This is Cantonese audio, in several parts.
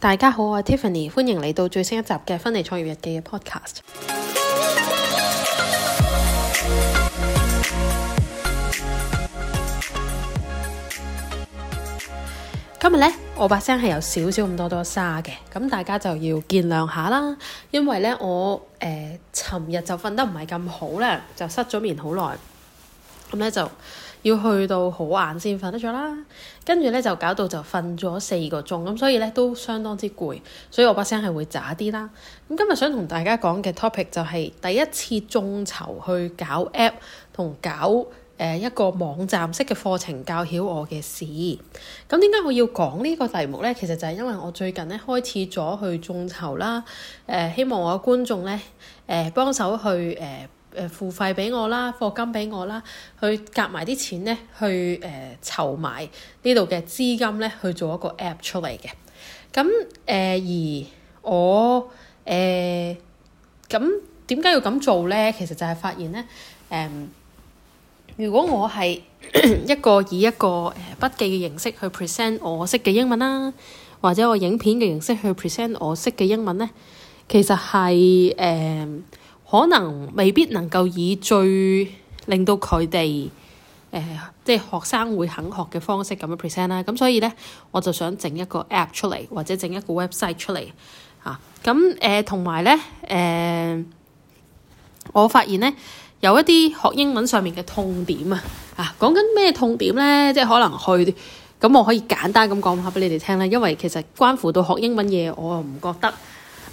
大家好，我係 Tiffany，歡迎嚟到最新一集嘅《芬尼創業日記》嘅 Podcast。今日呢，我把聲係有少少咁多多沙嘅，咁大家就要見諒下啦。因為呢，我誒，尋日就瞓得唔係咁好啦，就失咗眠好耐，咁咧就。要去到好晏先瞓得着啦，跟住咧就搞到就瞓咗四個鐘，咁所以咧都相當之攰，所以我把聲係會渣啲啦。咁今日想同大家講嘅 topic 就係第一次眾籌去搞 app 同搞誒、呃、一個網站式嘅課程教曉我嘅事。咁點解我要講呢個題目咧？其實就係因為我最近咧開始咗去眾籌啦，誒、呃、希望我嘅觀眾咧誒幫手去誒。呃誒付費俾我啦，課金俾我啦，去夾埋啲錢咧，去誒、呃、籌埋呢度嘅資金咧，去做一個 app 出嚟嘅。咁誒、呃、而我誒咁點解要咁做咧？其實就係發現咧，誒、呃、如果我係 一個以一個誒筆記嘅形式去 present 我識嘅英文啦，或者我影片嘅形式去 present 我識嘅英文咧，其實係誒。呃可能未必能夠以最令到佢哋誒，即係學生會肯學嘅方式咁樣 present 啦、啊。咁所以咧，我就想整一個 app 出嚟，或者整一個 website 出嚟啊。咁誒同埋咧誒，我發現咧有一啲學英文上面嘅痛點啊啊。講緊咩痛點咧？即係可能去咁、嗯，我可以簡單咁講下俾你哋聽啦。因為其實關乎到學英文嘢，我又唔覺得。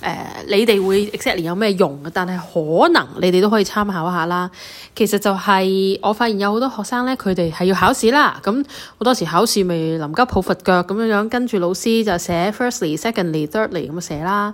誒、呃，你哋會 exactly 有咩用？但係可能你哋都可以參考下啦。其實就係、是、我發現有好多學生咧，佢哋係要考試啦。咁、嗯、好多時考試咪臨急抱佛腳咁樣樣，跟住老師就寫 firstly、secondly、thirdly 咁寫啦。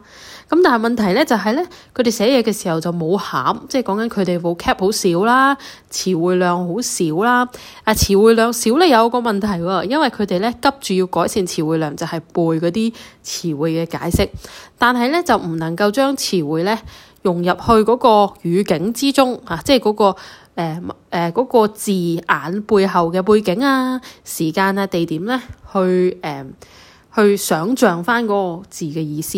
咁、嗯、但係問題咧就係、是、咧，佢哋寫嘢嘅時候就冇冚，即係講緊佢哋冇 cap 好少啦，詞彙量好少啦。啊，詞彙量少咧有個問題喎，因為佢哋咧急住要改善詞彙量，就係、是、背嗰啲詞彙嘅解釋。但係咧就。就唔能夠將詞彙咧融入去嗰個語境之中啊！即係嗰、嗰個誒誒、呃呃嗰個、字眼背後嘅背景啊、時間啊、地點咧，去誒、呃、去想像翻嗰個字嘅意思。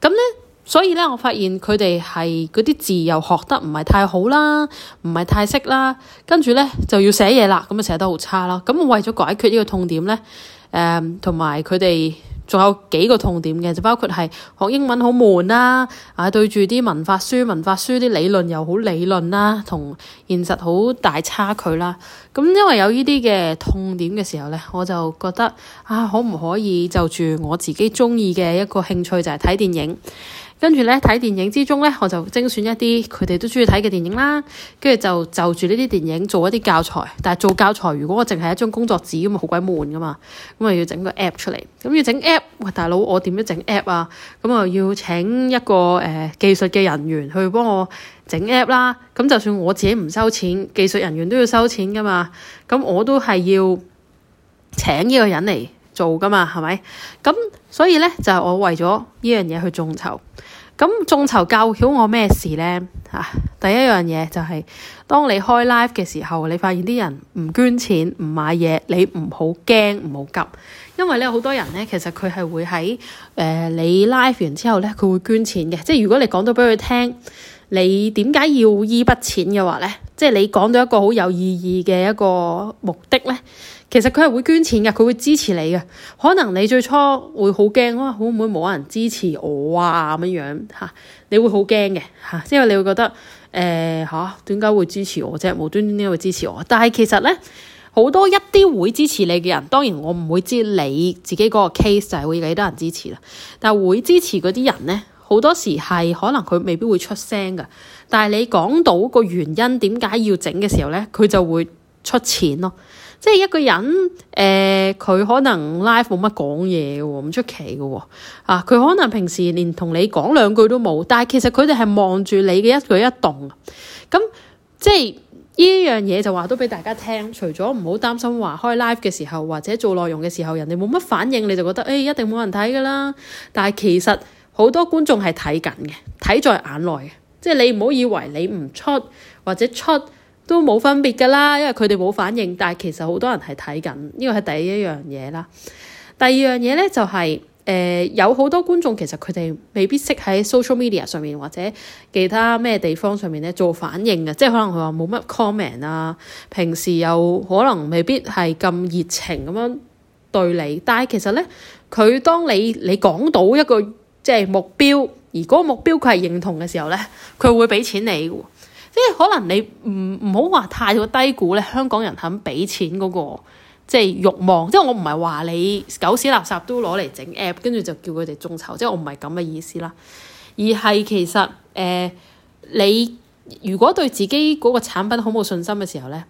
咁咧，所以咧，我發現佢哋係嗰啲字又學得唔係太好啦，唔係太識啦，跟住咧就要寫嘢啦，咁啊寫得好差啦。咁我為咗解決呢個痛點咧，誒同埋佢哋。仲有幾個痛點嘅，就包括係學英文好悶啦，啊對住啲文法書、文法書啲理論又好理論啦，同現實好大差距啦。咁、啊、因為有呢啲嘅痛點嘅時候呢，我就覺得啊，可唔可以就住我自己鍾意嘅一個興趣就係、是、睇電影。跟住咧睇電影之中咧，我就精選一啲佢哋都鍾意睇嘅電影啦。跟住就就住呢啲電影做一啲教材。但係做教材，如果我淨係一張工作紙咁啊，好鬼悶㗎嘛。咁啊要整個 app 出嚟。咁要整 app，喂大佬我點樣整 app 啊？咁啊要請一個誒、呃、技術嘅人員去幫我整 app 啦。咁就算我自己唔收錢，技術人員都要收錢㗎嘛。咁我都係要請呢個人嚟。做噶嘛，係咪？咁所以咧，就係、是、我為咗呢樣嘢去眾籌。咁眾籌教曉我咩事咧？啊，第一樣嘢就係、是，當你開 live 嘅時候，你發現啲人唔捐錢唔買嘢，你唔好驚唔好急，因為咧好多人咧，其實佢係會喺誒、呃、你 live 完之後咧，佢會捐錢嘅。即係如果你講到俾佢聽，你點解要依筆錢嘅話咧？即係你講到一個好有意義嘅一個目的咧。其實佢係會捐錢嘅，佢會支持你嘅。可能你最初會好驚，哇，會唔會冇人支持我啊咁樣吓、啊？你會好驚嘅吓，因、啊、為你會覺得誒吓，點、呃、解、啊、會支持我啫？無端端因為會支持我。但係其實咧，好多一啲會支持你嘅人，當然我唔會知你自己嗰個 case 就係會幾多人支持啦。但係會支持嗰啲人咧，好多時係可能佢未必會出聲嘅，但係你講到個原因點解要整嘅時候咧，佢就會。出錢咯，即係一個人，誒、呃、佢可能 live 冇乜講嘢嘅喎，唔出奇嘅喎，啊佢可能平時連同你講兩句都冇，但係其實佢哋係望住你嘅一舉一動，咁、嗯、即係呢樣嘢就話都俾大家聽，除咗唔好擔心話開 live 嘅時候或者做內容嘅時候，人哋冇乜反應，你就覺得誒、哎、一定冇人睇㗎啦，但係其實好多觀眾係睇緊嘅，睇在眼內嘅，即係你唔好以為你唔出或者出。都冇分別㗎啦，因為佢哋冇反應。但係其實好多人係睇緊，呢個係第一一樣嘢啦。第二樣嘢咧就係、是，誒、呃、有好多觀眾其實佢哋未必識喺 social media 上面或者其他咩地方上面咧做反應嘅，即係可能佢話冇乜 comment 啊，平時又可能未必係咁熱情咁樣對你。但係其實咧，佢當你你講到一個即係目標，而嗰個目標佢係認同嘅時候咧，佢會畀錢你喎。即係可能你唔唔好話太過低估咧，香港人肯俾錢嗰個即係慾望。即係我唔係話你狗屎垃圾都攞嚟整 app，跟住就叫佢哋眾籌。即係我唔係咁嘅意思啦，而係其實誒、呃，你如果對自己嗰個產品好冇信心嘅時候咧，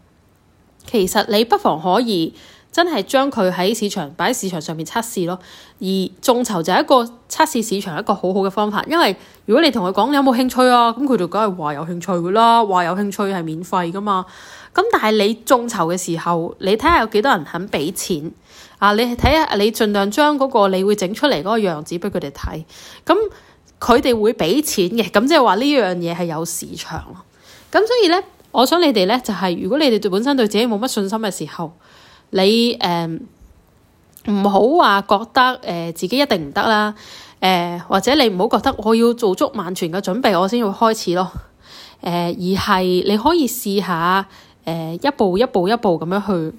其實你不妨可以。真係將佢喺市場擺喺市場上面測試咯。而眾籌就係一個測試市場一個好好嘅方法，因為如果你同佢講你有冇興趣啊，咁佢就梗係話有興趣㗎啦，話有興趣係免費㗎嘛。咁但係你眾籌嘅時候，你睇下有幾多人肯俾錢啊？你睇下你盡量將嗰個你會整出嚟嗰個樣子俾佢哋睇，咁佢哋會俾錢嘅。咁即係話呢樣嘢係有市場咯。咁所以呢，我想你哋呢，就係、係、如果你哋對本身對自己冇乜信心嘅時候。你誒、呃、唔好話覺得誒、呃、自己一定唔得啦，誒、呃、或者你唔好覺得我要做足萬全嘅準備，我先會開始咯，誒、呃、而係你可以試下誒一步一步一步咁樣去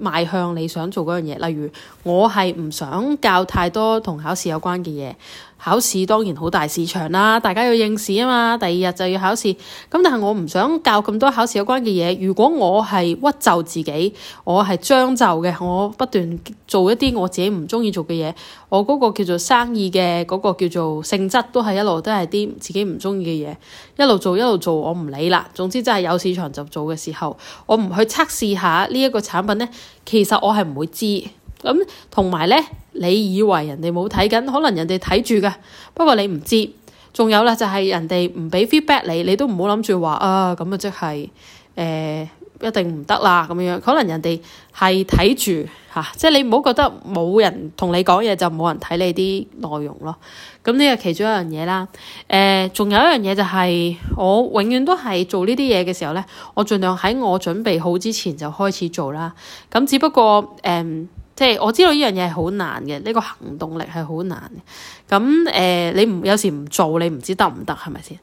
邁向你想做嗰樣嘢，例如我係唔想教太多同考試有關嘅嘢。考試當然好大市場啦，大家要應試啊嘛，第二日就要考試。咁但係我唔想教咁多考試有關嘅嘢。如果我係屈就自己，我係將就嘅，我不斷做一啲我自己唔中意做嘅嘢，我嗰個叫做生意嘅嗰個叫做性質都係一路都係啲自己唔中意嘅嘢，一路做一路做，我唔理啦。總之真係有市場就做嘅時候，我唔去測試下呢一個產品呢。其實我係唔會知。咁同埋咧，你以為人哋冇睇緊，可能人哋睇住㗎。不過你唔知，仲有啦，就係人哋唔俾 feedback 你，你都唔好諗住話啊咁、就是呃、啊，即係誒一定唔得啦咁樣。可能人哋係睇住吓，即係你唔好覺得冇人同你講嘢就冇人睇你啲內容咯。咁呢個其中一樣嘢啦。誒、呃，仲有一樣嘢就係、是、我永遠都係做呢啲嘢嘅時候咧，我儘量喺我準備好之前就開始做啦。咁只不過誒。呃即係我知道呢樣嘢係好難嘅，呢個行動力係好難嘅。咁誒、呃，你唔有時唔做，你唔知得唔得係咪先？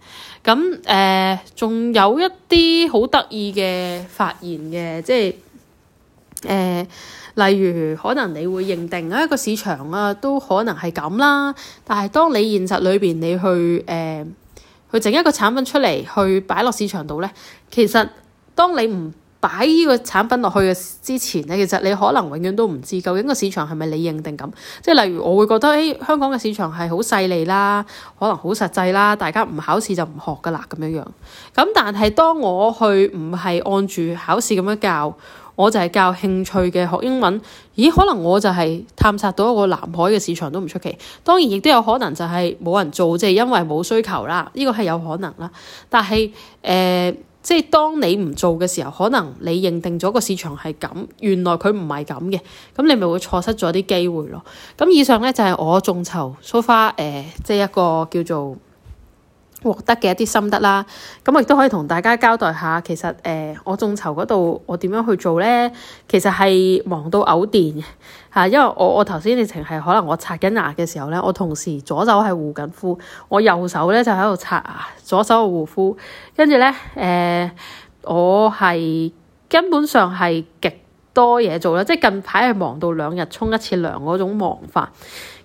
咁誒，仲、呃、有一啲好得意嘅發現嘅，即係誒、呃，例如可能你會認定一個市場啊，都可能係咁啦。但係當你現實裏邊你去誒、呃、去整一個產品出嚟，去擺落市場度咧，其實當你唔擺呢個產品落去嘅之前咧，其實你可能永遠都唔知究竟個市場係咪你認定咁。即係例如我會覺得，誒、哎、香港嘅市場係好細膩啦，可能好實際啦，大家唔考試就唔學噶啦咁樣樣。咁但係當我去唔係按住考試咁樣教，我就係教興趣嘅學英文。咦？可能我就係探索到一個藍海嘅市場都唔出奇。當然亦都有可能就係冇人做，即係因為冇需求啦。呢、這個係有可能啦。但係誒。呃即係當你唔做嘅時候，可能你認定咗個市場係咁，原來佢唔係咁嘅，咁你咪會錯失咗啲機會咯。咁以上咧就係、是、我眾籌 So far 誒，即係一個叫做，獲得嘅一啲心得啦，咁我亦都可以同大家交代下，其實誒、呃、我眾籌嗰度我點樣去做呢？其實係忙到嘔電嘅、啊、因為我我頭先你情係可能我刷緊牙嘅時候呢，我同時左手係護緊膚，我右手呢就喺度刷牙，左手護膚，跟住呢，誒、呃、我係根本上係極多嘢做啦，即係近排係忙到兩日沖一次涼嗰種忙法。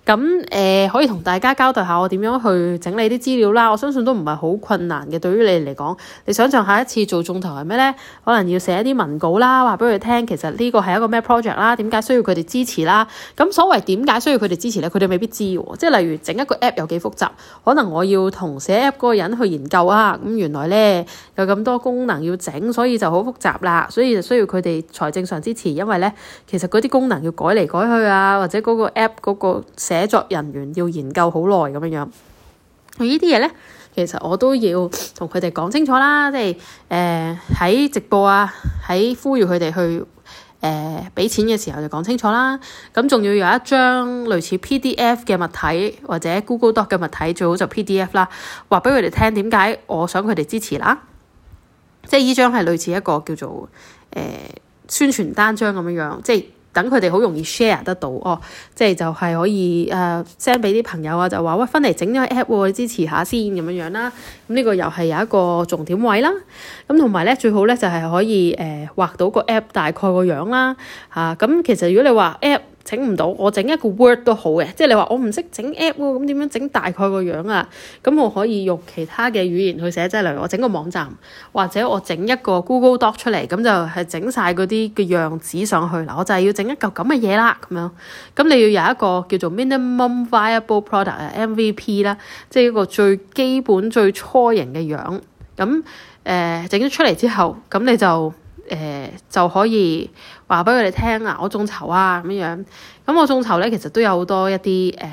咁誒、呃、可以同大家交代下我點樣去整理啲資料啦，我相信都唔係好困難嘅。對於你嚟講，你想象下一次做眾籌係咩咧？可能要寫一啲文稿啦，話俾佢聽，其實呢個係一個咩 project 啦，點解需要佢哋支持啦？咁所謂點解需要佢哋支持咧？佢哋未必知、哦、即係例如整一個 app 有幾複雜，可能我要同寫 app 嗰個人去研究啊。咁、嗯、原來咧有咁多功能要整，所以就好複雜啦，所以就需要佢哋財政上支持，因為咧其實嗰啲功能要改嚟改去啊，或者嗰個 app 嗰個寫寫作人員要研究好耐咁樣樣，呢啲嘢咧，其實我都要同佢哋講清楚啦，即係誒喺直播啊，喺呼籲佢哋去誒俾、呃、錢嘅時候就講清楚啦。咁仲要有一張類似 PDF 嘅物體或者 Google Doc 嘅物體，最好就 PDF 啦，話俾佢哋聽點解我想佢哋支持啦。即係呢張係類似一個叫做誒、呃、宣傳單張咁樣樣，即係。等佢哋好容易 share 得到哦，oh, 即係就係可以誒 send 俾啲朋友啊，就話喂，翻嚟整咗個 app，你支持下先咁樣樣啦。咁呢個又係有一個重點位啦。咁同埋咧，最好咧就係、是、可以誒、呃、畫到個 app 大概個樣啦。嚇、啊，咁其實如果你話 app，整唔到，我整一個 Word 都好嘅，即係你話我唔識整 App 咁點樣整大概個樣啊？咁我可以用其他嘅語言去寫，即係例如我整個網站，或者我整一個 Google Doc 出嚟，咁就係整晒嗰啲嘅樣子上去啦。我就係要整一嚿咁嘅嘢啦，咁樣。咁你要有一個叫做 Minimum Viable Product MVP 啦，即係一個最基本、最初型嘅樣。咁誒整咗出嚟之後，咁你就。誒、呃、就可以話畀佢哋聽呀，我眾籌啊咁樣樣，咁我眾籌呢，其實都有好多一啲誒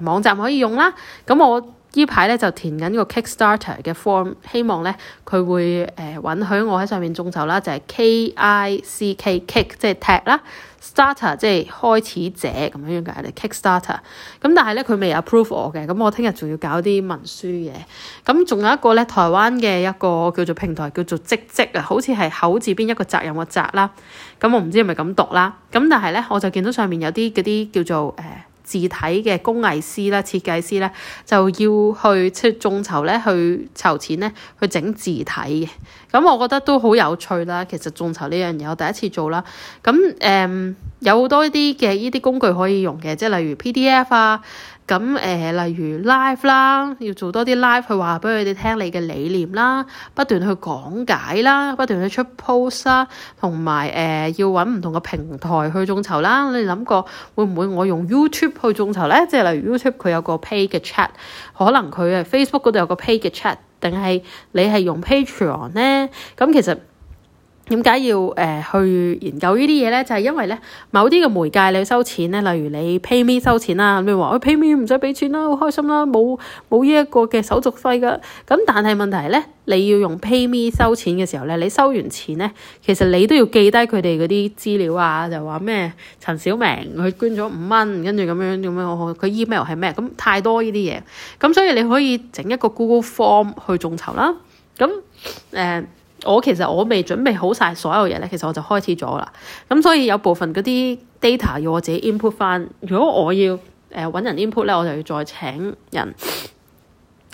誒網站可以用啦，咁我。呢排咧就填緊個 Kickstarter 嘅 form，希望咧佢會誒、呃、允許我喺上面眾籌啦，就係、是、K I C K kick 即係踢啦，starter 即係開始者咁樣樣嘅，係 Kickstarter。咁但係咧佢未 approve 我嘅，咁我聽日仲要搞啲文書嘅。咁仲有一個咧，台灣嘅一個叫做平台叫做嘖嘖啊，好似係口字邊一個責任個責啦。咁我唔知係咪咁讀啦。咁但係咧我就見到上面有啲嗰啲叫做誒。呃字體嘅工藝師啦、設計師咧，就要去即係眾籌咧，去籌錢咧，去整字體嘅。咁我覺得都好有趣啦。其實眾籌呢樣嘢我第一次做啦。咁誒、嗯，有好多啲嘅依啲工具可以用嘅，即係例如 PDF 啊。咁誒、呃，例如 live 啦，要做多啲 live 去話畀佢哋聽你嘅理念啦，不斷去講解啦，不斷去出 post 啦，呃、同埋誒要揾唔同嘅平台去眾籌啦。你諗過會唔會我用 YouTube 去眾籌咧？即係例如 YouTube 佢有個 pay 嘅 chat，可能佢係 Facebook 嗰度有個 pay 嘅 chat，定係你係用 Patreon 咧？咁其實。點解要誒去研究呢啲嘢咧？就係因為咧，某啲嘅媒介你收錢咧，例如你 PayMe 收錢啦，咁你話我 PayMe 唔使俾錢啦，好開心啦，冇冇呢一個嘅手續費噶。咁但係問題咧，你要用 PayMe 收錢嘅時候咧，你收完錢咧，其實你都要記低佢哋嗰啲資料啊，就話咩陳小明佢捐咗五蚊，跟住咁樣咁樣，佢 email 係咩？咁太多呢啲嘢，咁所以你可以整一個 Google Form 去眾籌啦。咁誒。呃我其實我未準備好晒所有嘢咧，其實我就開始咗啦。咁所以有部分嗰啲 data 要我自己 input 返。如果我要誒搵、呃、人 input 咧，我就要再請人，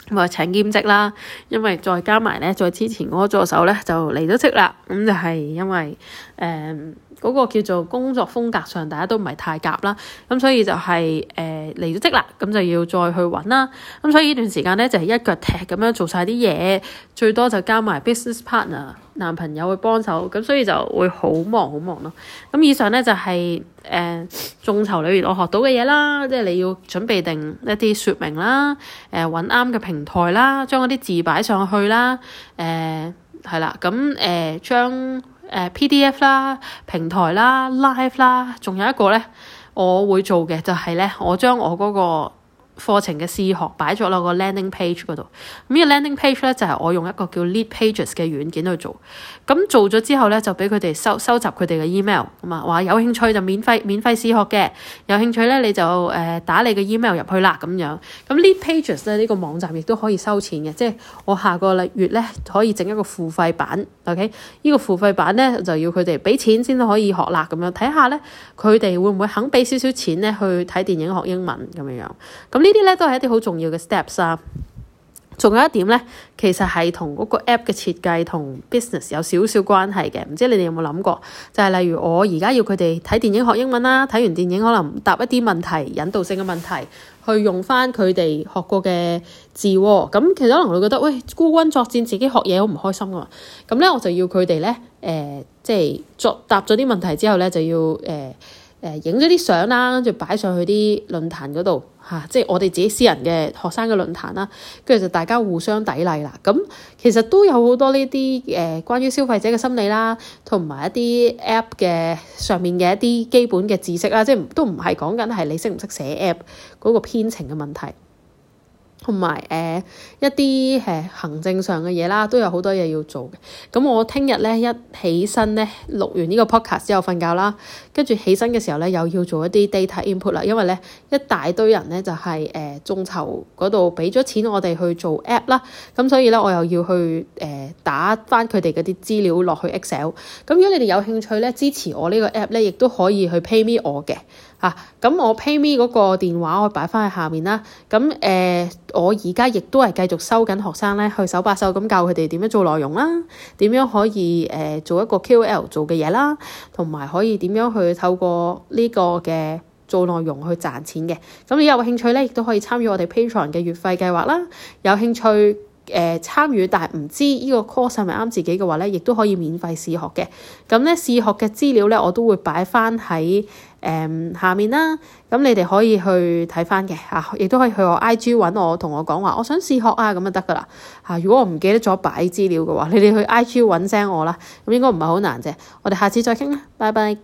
咁咪請兼職啦。因為再加埋咧，再之前嗰個助手咧就離咗職啦。咁就係因為誒。呃嗰個叫做工作風格上，大家都唔係太夾啦，咁所以就係、是、誒、呃、離咗職啦，咁就要再去揾啦，咁所以呢段時間咧就係、是、一腳踢咁樣做晒啲嘢，最多就加埋 business partner 男朋友去幫手，咁所以就會好忙好忙咯。咁以上咧就係、是、誒、呃、眾籌裏面我學到嘅嘢啦，即、就、係、是、你要準備定一啲説明啦，誒揾啱嘅平台啦、呃呃，將嗰啲字擺上去啦，誒係啦，咁誒將。Uh, PDF 啦，平台啦，Live 啦，仲有一個咧，我會做嘅就係、是、咧，我將我嗰、那個。課程嘅試學擺咗落個 landing page 度，咁呢個 landing page 咧就係、是、我用一個叫 lead pages 嘅軟件去做，咁做咗之後咧就俾佢哋收收集佢哋嘅 email，咁啊話有興趣就免費免費試學嘅，有興趣咧你就誒、呃、打你嘅 email 入去啦咁樣，咁 lead pages 咧呢、這個網站亦都可以收錢嘅，即係我下個禮月咧可以整一個付費版，ok？呢個付費版咧就要佢哋俾錢先都可以學啦，咁樣睇下咧佢哋會唔會肯俾少少錢咧去睇電影學英文咁樣樣，咁呢啲咧都係一啲好重要嘅 steps 啊！仲有一點咧，其實係同嗰個 app 嘅設計同 business 有少少關係嘅。唔知你哋有冇諗過？就係、是、例如我而家要佢哋睇電影學英文啦、啊，睇完電影可能答一啲問題，引導性嘅問題，去用翻佢哋學過嘅字、啊。咁其實可能會覺得，喂孤軍作戰，自己學嘢好唔開心噶、啊、嘛。咁咧我就要佢哋咧，誒、呃，即係作答咗啲問題之後咧，就要誒。呃誒影咗啲相啦，跟住擺上去啲論壇嗰度嚇，即係我哋自己私人嘅學生嘅論壇啦。跟、啊、住就大家互相砥勵礪啦。咁、啊、其實都有好多呢啲誒關於消費者嘅心理啦，同、啊、埋一啲 app 嘅上面嘅一啲基本嘅知識啦、啊，即係都唔係講緊係你識唔識寫 app 嗰個編程嘅問題，同埋誒一啲誒、啊、行政上嘅嘢啦，都有好多嘢要做嘅。咁、啊、我聽日咧一起身咧錄完呢個 podcast 之後瞓覺啦。啊。跟住起身嘅時候咧，又要做一啲 data input 啦，因為咧一大堆人咧就係、是、誒、呃、眾籌度俾咗錢我哋去做 app 啦，咁所以咧我又要去誒、呃、打翻佢哋啲資料落去 Excel、嗯。咁如果你哋有興趣咧，支持我呢個 app 咧，亦都可以去 pay me 我嘅吓，咁我 pay me 嗰個電話我擺翻去下面啦。咁、啊、誒我而家亦都係繼續收緊學生咧，去手把手咁教佢哋點樣做內容啦，點樣可以誒、呃、做一個 QL 做嘅嘢啦，同埋可以點樣去。去透過呢個嘅做內容去賺錢嘅。咁如果有興趣咧，亦都可以參與我哋 Patreon 嘅月費計劃啦。有興趣誒參與，但係唔知呢個 course 係咪啱自己嘅話咧，亦都可以免費試學嘅。咁咧試學嘅資料咧，我都會擺翻喺誒下面啦。咁你哋可以去睇翻嘅吓，亦、啊、都可以去我 IG 搵我，同我講話我想試學啊，咁就得噶啦吓。如果我唔記得咗擺資料嘅話，你哋去 IG 搵聲我啦。咁應該唔係好難啫。我哋下次再傾啦，拜拜。